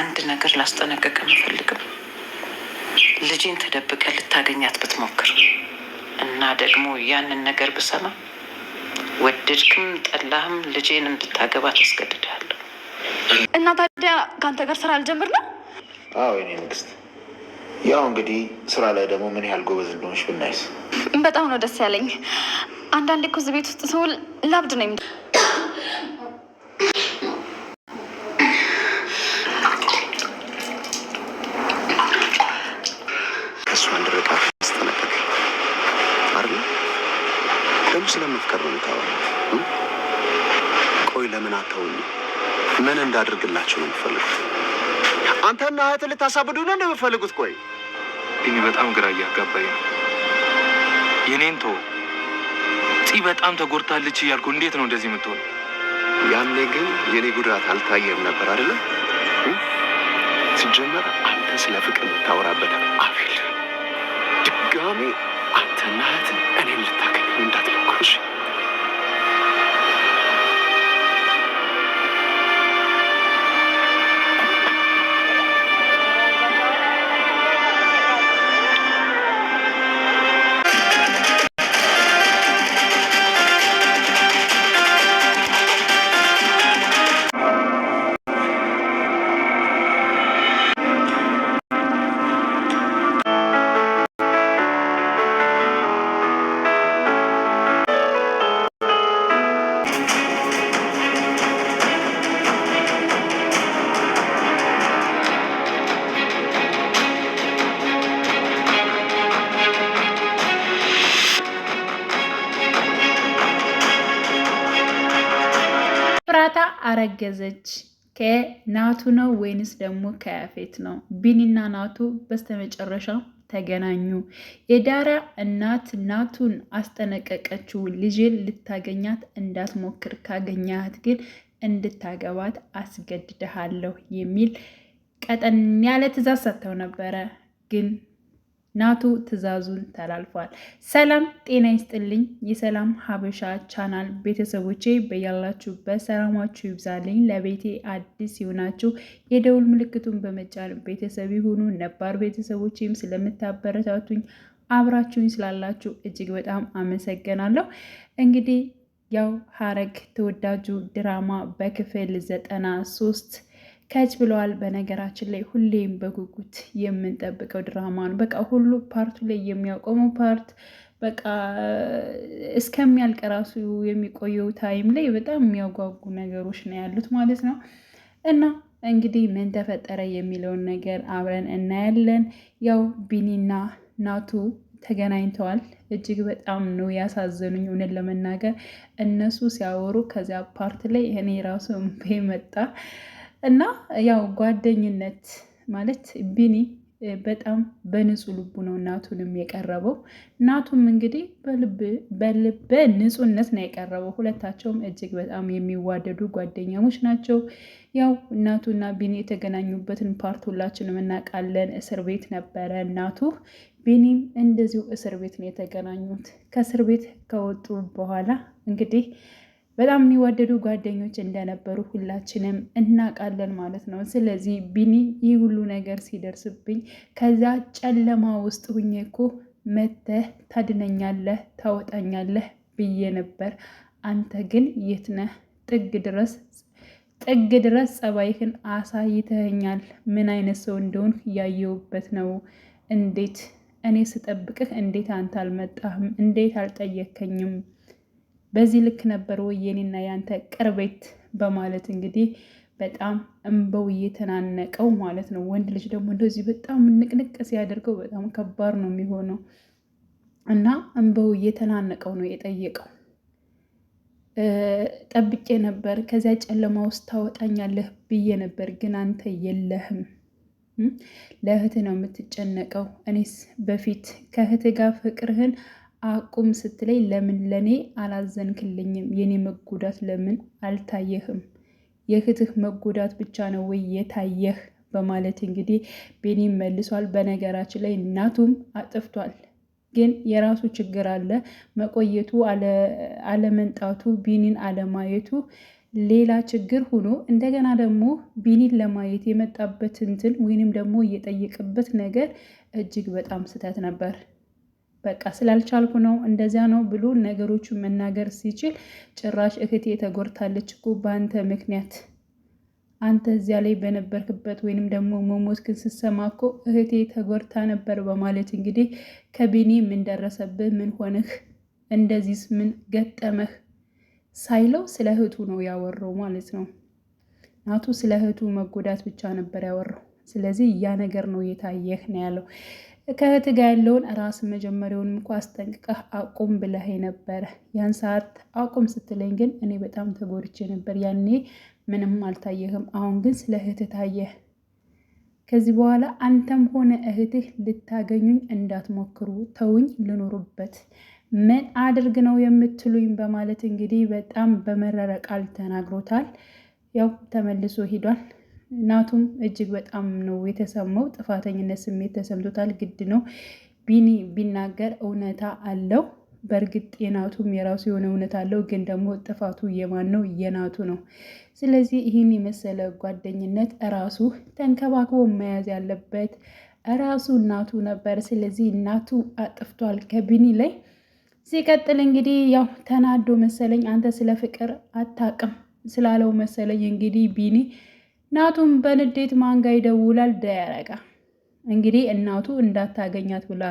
አንድ ነገር ላስጠነቀቅ አልፈልግም። ልጄን ተደብቀ ልታገኛት ብትሞክር እና ደግሞ ያንን ነገር ብሰማ ወደድክም ጠላህም ልጄን እንድታገባ ታስገድዳለሁ። እና ታዲያ ከአንተ ጋር ስራ አልጀምር ነው? አዎ የኔ ንግስት፣ ያው እንግዲህ ስራ ላይ ደግሞ ምን ያህል ጎበዝ እንደሆንሽ ብናይስ። በጣም ነው ደስ ያለኝ። አንዳንዴ እኮ እዚህ ቤት ውስጥ ስውል ላብድ ነው ስለመፍቀር ነው የምታወራው? ቆይ ለምን አተውኝ? ምን እንዳድርግላቸው ነው የምፈልጉት? አንተና እህት ልታሳብዱ ነው እንደምፈልጉት? ቆይ ቢኒ፣ በጣም ግራ እያጋባኝ ነው። የኔን ቶ ፂ በጣም ተጎድታለች እያልኩ እንዴት ነው እንደዚህ የምትሆን? ያኔ ግን የኔ ጉዳት አልታየም ነበር አይደለም? ሲጀመር አንተ ስለ ፍቅር የምታወራበት አፊል ድጋሜ አንተና እህት እኔን ልታከ እንዳትለኩሽ ኤፍራታ አረገዘች ከናቱ ነው ወይንስ ደግሞ ከያፌት ነው? ቢኒና ናቱ በስተመጨረሻ ተገናኙ። የዳራ እናት ናቱን አስጠነቀቀችው። ልጄን ልታገኛት እንዳትሞክር፣ ካገኛት ግን እንድታገባት አስገድደሃለሁ የሚል ቀጠን ያለ ትእዛዝ ሰጥተው ነበረ ግን ናቱ ትዕዛዙን ተላልፏል። ሰላም ጤና ይስጥልኝ። የሰላም ሀበሻ ቻናል ቤተሰቦቼ በያላችሁበት ሰላማችሁ ይብዛልኝ። ለቤቴ አዲስ ሲሆናችሁ የደውል ምልክቱን በመጫን ቤተሰብ ይሁኑ። ነባር ቤተሰቦቼም ስለምታበረታቱኝ አብራችሁኝ ስላላችሁ እጅግ በጣም አመሰግናለሁ። እንግዲህ ያው ሀረግ ተወዳጁ ድራማ በክፍል ዘጠና ሶስት ከች ብለዋል። በነገራችን ላይ ሁሌም በጉጉት የምንጠብቀው ድራማ ነው። በቃ ሁሉ ፓርቱ ላይ የሚያቆመው ፓርት በቃ እስከሚያልቅ ራሱ የሚቆየው ታይም ላይ በጣም የሚያጓጉ ነገሮች ነው ያሉት ማለት ነው እና እንግዲህ ምን ተፈጠረ የሚለውን ነገር አብረን እናያለን። ያው ቢኒና ናቱ ተገናኝተዋል። እጅግ በጣም ነው ያሳዘኑኝ። እውነት ለመናገር እነሱ ሲያወሩ ከዚያ ፓርት ላይ እኔ ራሱ እምቤ መጣ። እና ያው ጓደኝነት ማለት ቢኒ በጣም በንጹህ ልቡ ነው እናቱንም የቀረበው። እናቱም እንግዲህ በልበ ንጹህነት ነው የቀረበው። ሁለታቸውም እጅግ በጣም የሚዋደዱ ጓደኛሞች ናቸው። ያው እናቱና ቢኒ የተገናኙበትን ፓርት ሁላችንም እናውቃለን። እስር ቤት ነበረ እናቱ ቢኒም እንደዚሁ እስር ቤት ነው የተገናኙት። ከእስር ቤት ከወጡ በኋላ እንግዲህ በጣም የሚዋደዱ ጓደኞች እንደነበሩ ሁላችንም እናውቃለን ማለት ነው። ስለዚህ ቢኒ ይህ ሁሉ ነገር ሲደርስብኝ ከዛ ጨለማ ውስጥ ሁኜ እኮ መተህ ታድነኛለህ፣ ታወጣኛለህ ብዬ ነበር። አንተ ግን የት ነህ? ጥግ ድረስ ጥግ ድረስ ጸባይህን አሳይተኸኛል። ምን አይነት ሰው እንደሆን ያየውበት ነው። እንዴት እኔ ስጠብቅህ እንዴት አንተ አልመጣህም? እንዴት አልጠየከኝም? በዚህ ልክ ነበር ወይ የኔና ያንተ ቅርቤት በማለት እንግዲህ በጣም እንበው እየተናነቀው ማለት ነው። ወንድ ልጅ ደግሞ እንደዚህ በጣም ንቅንቅ ሲያደርገው በጣም ከባድ ነው የሚሆነው እና እንበው እየተናነቀው ነው የጠየቀው። ጠብቄ ነበር፣ ከዚያ ጨለማ ውስጥ ታወጣኛለህ ብዬ ነበር፣ ግን አንተ የለህም። ለእህት ነው የምትጨነቀው። እኔስ በፊት ከእህት ጋር ፍቅርህን አቁም ስትለይ ለምን ለእኔ አላዘንክልኝም? የኔ መጎዳት ለምን አልታየህም? የእህትህ መጎዳት ብቻ ነው ወይ የታየህ? በማለት እንግዲህ ቤኒም መልሷል። በነገራችን ላይ እናቱም አጥፍቷል፣ ግን የራሱ ችግር አለ። መቆየቱ፣ አለመንጣቱ፣ ቢኒን አለማየቱ ሌላ ችግር ሆኖ እንደገና ደግሞ ቢኒን ለማየት የመጣበት እንትን ወይንም ደግሞ እየጠየቅበት ነገር እጅግ በጣም ስህተት ነበር። በቃ ስላልቻልኩ ነው እንደዚያ ነው ብሎ ነገሮቹ መናገር ሲችል ጭራሽ እህቴ ተጎድታለች እኮ በአንተ ምክንያት አንተ እዚያ ላይ በነበርክበት ወይንም ደግሞ መሞት ግን እኮ እህቴ ተጎድታ ነበር በማለት እንግዲህ ከቢኒ ምን ደረሰብህ? ምን ሆነህ? እንደዚህስ ምን ገጠመህ? ሳይለው ስለ እህቱ ነው ያወራው ማለት ነው። ናቱ ስለ እህቱ መጎዳት ብቻ ነበር ያወራው። ስለዚህ ያ ነገር ነው የታየህ ነው ያለው። ከእህት ጋር ያለውን ራስ መጀመሪያውን እኮ አስጠንቅቀህ አቁም ብለህ ነበረ። ያን ሰዓት አቁም ስትለኝ ግን እኔ በጣም ተጎድቼ ነበር። ያኔ ምንም አልታየህም። አሁን ግን ስለ እህት ታየህ። ከዚህ በኋላ አንተም ሆነ እህትህ ልታገኙኝ እንዳትሞክሩ፣ ተውኝ፣ ልኖሩበት ምን አድርግ ነው የምትሉኝ? በማለት እንግዲህ በጣም በመረረ ቃል ተናግሮታል። ያው ተመልሶ ሂዷል። ናቱም እጅግ በጣም ነው የተሰማው። ጥፋተኝነት ስሜት ተሰምቶታል። ግድ ነው ቢኒ ቢናገር እውነታ አለው። በእርግጥ የናቱም የራሱ የሆነ እውነት አለው፣ ግን ደግሞ ጥፋቱ የማን ነው? የናቱ ነው። ስለዚህ ይህን የመሰለ ጓደኝነት እራሱ ተንከባክቦ መያዝ ያለበት እራሱ እናቱ ነበር። ስለዚህ እናቱ አጥፍቷል ከቢኒ ላይ። ሲቀጥል እንግዲህ ያው ተናዶ መሰለኝ አንተ ስለ ፍቅር አታውቅም ስላለው መሰለኝ እንግዲህ ቢኒ ናቱም በንዴት ማንጋ ይደውላል ዳያረጋ እንግዲህ እናቱ እንዳታገኛት ብላ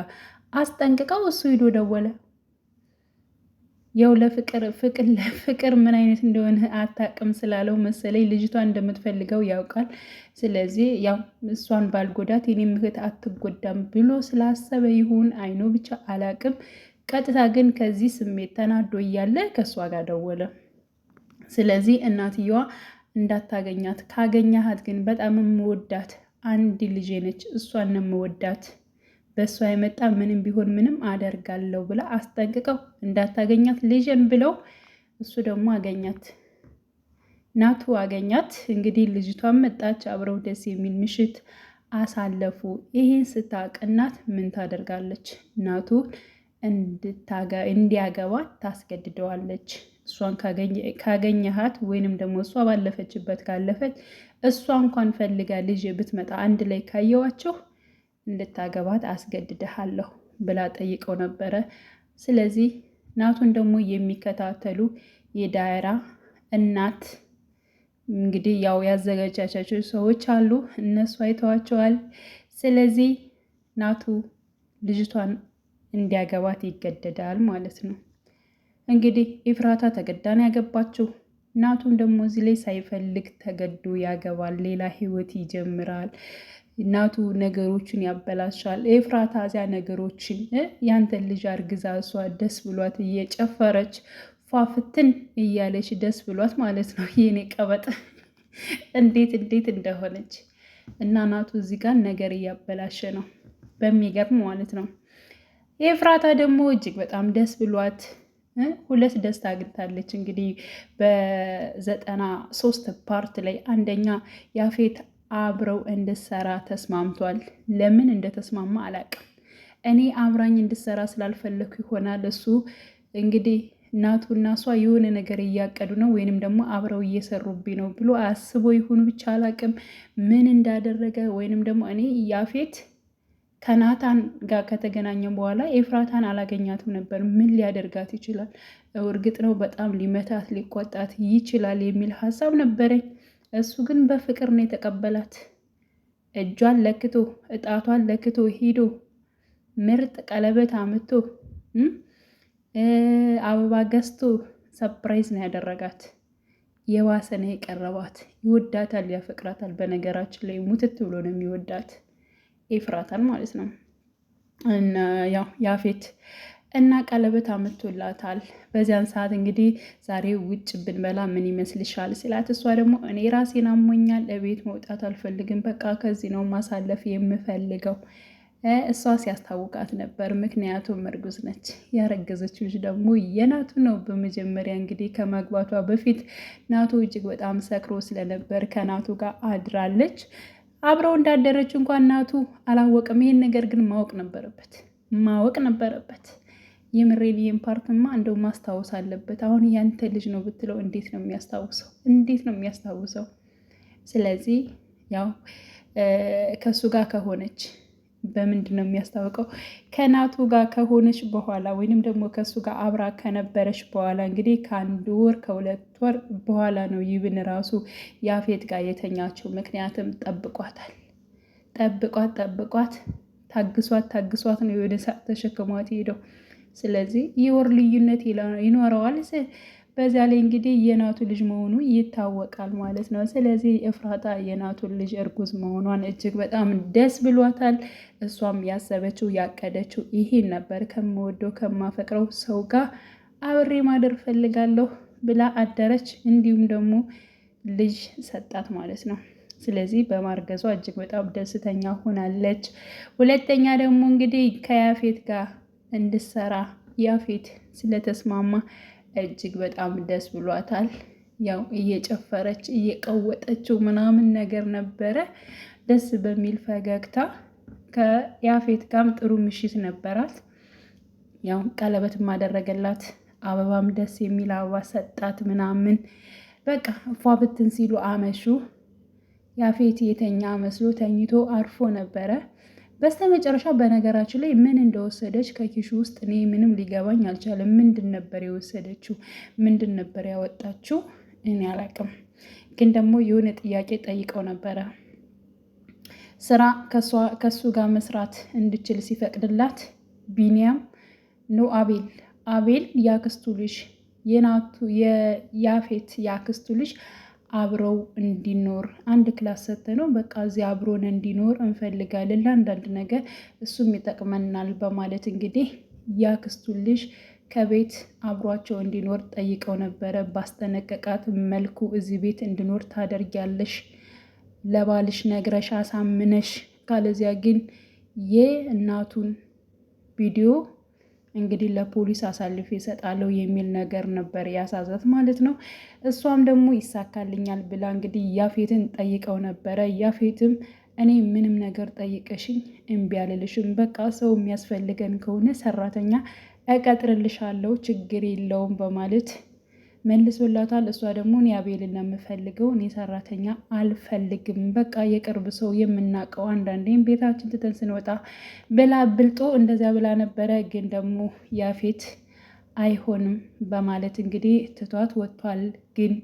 አስጠንቅቀው እሱ ሂዶ ደወለ። ያው ለፍቅር ፍቅር ለፍቅር ምን አይነት እንደሆነ አታቅም ስላለው መሰለኝ ልጅቷን እንደምትፈልገው ያውቃል። ስለዚህ ያው እሷን ባልጎዳት የኔም ምህት አትጎዳም ብሎ ስላሰበ ይሁን አይኖ ብቻ አላቅም። ቀጥታ ግን ከዚህ ስሜት ተናዶ እያለ ከእሷ ጋር ደወለ። ስለዚህ እናትየዋ እንዳታገኛት፣ ካገኛሃት ግን በጣም የምወዳት አንድ ልጄ ነች፣ እሷን ነው የምወዳት በእሷ የመጣ ምንም ቢሆን ምንም አደርጋለሁ ብላ አስጠንቅቀው እንዳታገኛት ልጅን ብለው እሱ ደግሞ አገኛት። ናቱ አገኛት። እንግዲህ ልጅቷን መጣች። አብረው ደስ የሚል ምሽት አሳለፉ። ይህን ስታውቅ እናት ምን ታደርጋለች? ናቱ እንዲያገባ ታስገድደዋለች። እሷን ካገኘሃት ወይንም ደግሞ እሷ ባለፈችበት ካለፈች እሷ እንኳን ፈልጋ ልጅ ብትመጣ አንድ ላይ ካየዋችሁ እንድታገባት አስገድድሃለሁ ብላ ጠይቀው ነበረ። ስለዚህ ናቱን ደግሞ የሚከታተሉ የዳይራ እናት እንግዲህ ያው ያዘጋጃቻቸው ሰዎች አሉ፣ እነሱ አይተዋቸዋል። ስለዚህ ናቱ ልጅቷን እንዲያገባት ይገደዳል ማለት ነው። እንግዲህ ኢፍራታ ተገዳን ያገባችው እናቱም ደግሞ እዚህ ላይ ሳይፈልግ ተገዶ ያገባል፣ ሌላ ህይወት ይጀምራል። እናቱ ነገሮችን ያበላሻል። ኤፍራታ እዚያ ነገሮችን ያንተን ልጅ አርግዛ እሷ ደስ ብሏት እየጨፈረች ፏፍትን እያለች ደስ ብሏት ማለት ነው። የኔ ቀበጥ እንዴት እንዴት እንደሆነች እና ናቱ እዚህ ጋር ነገር እያበላሸ ነው በሚገርም ማለት ነው። ኤፍራታ ደግሞ እጅግ በጣም ደስ ብሏት ሁለት ደስታ አግኝታለች። እንግዲህ በዘጠና ሶስት ፓርት ላይ አንደኛ ያፌት አብረው እንድሰራ ተስማምቷል። ለምን እንደተስማማ አላቅም። እኔ አብራኝ እንድሰራ ስላልፈለግኩ ይሆናል እሱ እንግዲህ እናቱ እና እሷ የሆነ ነገር እያቀዱ ነው ወይንም ደግሞ አብረው እየሰሩብኝ ነው ብሎ አስቦ ይሁን ብቻ አላቅም ምን እንዳደረገ ወይንም ደግሞ እኔ ያፌት ከናታን ጋር ከተገናኘ በኋላ ኤፍራታን አላገኛትም ነበር። ምን ሊያደርጋት ይችላል? እርግጥ ነው በጣም ሊመታት ሊቆጣት ይችላል የሚል ሀሳብ ነበረኝ። እሱ ግን በፍቅር ነው የተቀበላት። እጇን ለክቶ እጣቷን ለክቶ ሂዶ ምርጥ ቀለበት አምቶ አበባ ገዝቶ ሰፕራይዝ ነው ያደረጋት። የዋሰነ የቀረባት ይወዳታል፣ ያፈቅራታል። በነገራችን ላይ ሙትት ብሎ ነው የሚወዳት። ኤፍራታን ማለት ነው። ያው ያፌት እና ቀለበት አምቶላታል። በዚያን ሰዓት እንግዲህ ዛሬ ውጭ ብንበላ ምን ይመስልሻል ሲላት፣ እሷ ደግሞ እኔ ራሴን አሞኛል፣ ለቤት መውጣት አልፈልግም፣ በቃ ከዚህ ነው ማሳለፍ የምፈልገው። እሷ ሲያስታውቃት ነበር፣ ምክንያቱም እርጉዝ ነች። ያረገዘች ልጅ ደግሞ የናቱ ነው። በመጀመሪያ እንግዲህ ከማግባቷ በፊት ናቱ እጅግ በጣም ሰክሮ ስለነበር ከናቱ ጋር አድራለች። አብረው እንዳደረች እንኳን እናቱ አላወቅም። ይሄን ነገር ግን ማወቅ ነበረበት ማወቅ ነበረበት። የምሬሊየን ፓርትማ እንደው ማስታወስ አለበት። አሁን ያንተ ልጅ ነው ብትለው እንዴት ነው የሚያስታውሰው? እንዴት ነው የሚያስታውሰው? ስለዚህ ያው ከእሱ ጋር ከሆነች በምንድን ነው የሚያስታውቀው? ከናቱ ጋር ከሆነች በኋላ ወይንም ደግሞ ከእሱ ጋር አብራ ከነበረች በኋላ እንግዲህ ከአንድ ወር ከሁለት ወር በኋላ ነው ይብን ራሱ ያፌት ጋር የተኛቸው። ምክንያትም ጠብቋታል። ጠብቋት ጠብቋት ታግሷት ታግሷት ነው ወደ ሳቅ ተሸክሟት ሄደው። ስለዚህ የወር ልዩነት ይኖረዋል። በዚያ ላይ እንግዲህ የናቱ ልጅ መሆኑ ይታወቃል ማለት ነው። ስለዚህ እፍራታ የናቱን ልጅ እርጉዝ መሆኗን እጅግ በጣም ደስ ብሏታል። እሷም ያሰበችው ያቀደችው ይሄን ነበር፣ ከምወደው ከማፈቅረው ሰው ጋር አብሬ ማደር ፈልጋለሁ ብላ አደረች። እንዲሁም ደግሞ ልጅ ሰጣት ማለት ነው። ስለዚህ በማርገዟ እጅግ በጣም ደስተኛ ሆናለች። ሁለተኛ ደግሞ እንግዲህ ከያፌት ጋር እንድሰራ ያፌት ስለተስማማ እጅግ በጣም ደስ ብሏታል። ያው እየጨፈረች እየቀወጠችው ምናምን ነገር ነበረ ደስ በሚል ፈገግታ ከያፌት ጋርም ጥሩ ምሽት ነበራት። ያው ቀለበትም አደረገላት፣ አበባም ደስ የሚል አበባ ሰጣት ምናምን በቃ እፏ ብትን ሲሉ አመሹ። ያፌት የተኛ መስሎ ተኝቶ አርፎ ነበረ። በስተመጨረሻ በነገራችን ላይ ምን እንደወሰደች ከኪሹ ውስጥ እኔ ምንም ሊገባኝ አልቻለም። ምንድን ነበር የወሰደችው? ምንድን ነበር ያወጣችው? እኔ አላቅም። ግን ደግሞ የሆነ ጥያቄ ጠይቀው ነበረ ስራ ከሱ ጋር መስራት እንድችል ሲፈቅድላት ቢኒያም ኖ አቤል አቤል ያክስቱ ልጅ የናቱ የያፌት ያክስቱ ልጅ አብረው እንዲኖር አንድ ክላስ ነው በቃ እዚህ አብሮን እንዲኖር እንፈልጋለን ለአንዳንድ ነገር እሱም ይጠቅመናል በማለት እንግዲህ ያክስቱ ልጅ ከቤት አብሯቸው እንዲኖር ጠይቀው ነበረ። ባስጠነቀቃት መልኩ እዚህ ቤት እንዲኖር ታደርጊያለሽ፣ ለባልሽ ነግረሽ አሳምነሽ፣ ካለዚያ ግን የእናቱን ቪዲዮ እንግዲህ ለፖሊስ አሳልፌ እሰጣለሁ የሚል ነገር ነበር ያሳዛት ማለት ነው። እሷም ደግሞ ይሳካልኛል ብላ እንግዲህ ያፌትን ጠይቀው ነበረ። ያፌትም እኔ ምንም ነገር ጠይቀሽኝ እምቢ አልልሽም፣ በቃ ሰው የሚያስፈልገን ከሆነ ሰራተኛ እቀጥርልሻለሁ፣ ችግር የለውም በማለት መልሶላታል። እሷ ደግሞ እኔ አቤልን ነው የምፈልገው፣ እኔ ሰራተኛ አልፈልግም፣ በቃ የቅርብ ሰው የምናውቀው አንዳንዴም ቤታችን ትተን ስንወጣ ብላ ብልጦ እንደዚያ ብላ ነበረ። ግን ደግሞ ያፌት አይሆንም በማለት እንግዲህ ትቷት ወጥቷል። ግን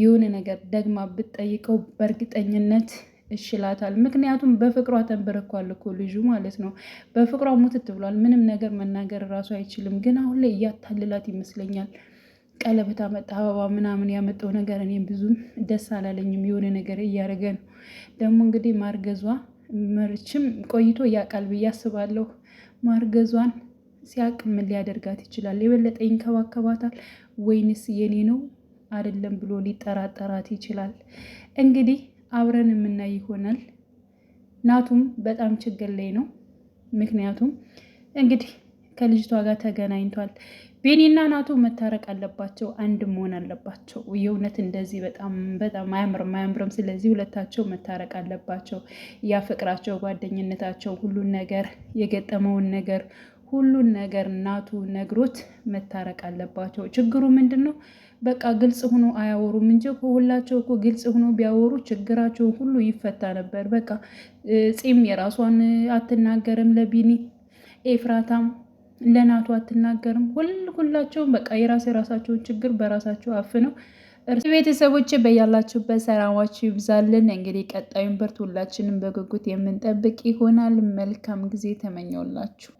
ይሁን ነገር ደግማ ብትጠይቀው በእርግጠኝነት እሽላታል ምክንያቱም በፍቅሯ ተንበረኳል እኮ ልጁ ማለት ነው። በፍቅሯ ሙትት ብሏል። ምንም ነገር መናገር እራሱ አይችልም። ግን አሁን ላይ እያታልላት ይመስለኛል። ቀለበት አመጣ አበባ ምናምን ያመጣው ነገር እኔ ብዙም ደስ አላለኝም። የሆነ ነገር እያደረገ ነው። ደግሞ እንግዲህ ማርገዟ መርችም ቆይቶ ያውቃል ብዬ አስባለሁ። ማርገዟን ሲያውቅ ምን ሊያደርጋት ይችላል? የበለጠ ይንከባከባታል ወይንስ የኔ ነው አይደለም ብሎ ሊጠራጠራት ይችላል። እንግዲህ አብረን የምናይ ይሆናል። ናቱም በጣም ችግር ላይ ነው። ምክንያቱም እንግዲህ ከልጅቷ ጋር ተገናኝቷል። ቤኒና ናቱ መታረቅ አለባቸው፣ አንድ መሆን አለባቸው። የእውነት እንደዚህ በጣም በጣም አያምርም አያምርም። ስለዚህ ሁለታቸው መታረቅ አለባቸው። ያ ፍቅራቸው፣ ጓደኝነታቸው፣ ሁሉን ነገር የገጠመውን ነገር ሁሉን ነገር ናቱ ነግሮት መታረቅ አለባቸው። ችግሩ ምንድን ነው? በቃ ግልጽ ሆኖ አያወሩም እንጂ ሁላቸው እኮ ግልጽ ሆኖ ቢያወሩ ችግራቸውን ሁሉ ይፈታ ነበር። በቃ ፂም የራሷን አትናገርም ለቢኒ ኤፍራታም ለናቱ አትናገርም። ሁላቸውም በቃ የራስ የራሳቸውን ችግር በራሳቸው አፍነው እርስ ቤተሰቦች በያላችሁበት ሰላማችሁ ይብዛልን። እንግዲህ ቀጣዩን ብርት ሁላችንም በጉጉት የምንጠብቅ ይሆናል። መልካም ጊዜ ተመኘውላችሁ።